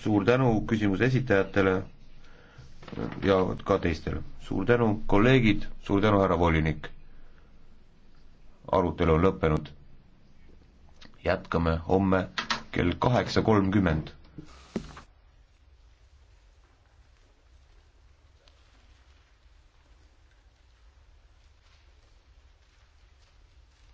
suur tänu küsimuse esitajatele ja ka teistele. suur tänu, kolleegid, suur tänu, härra volinik. arutelu on lõppenud. jätkame homme kell kaheksa kolmkümmend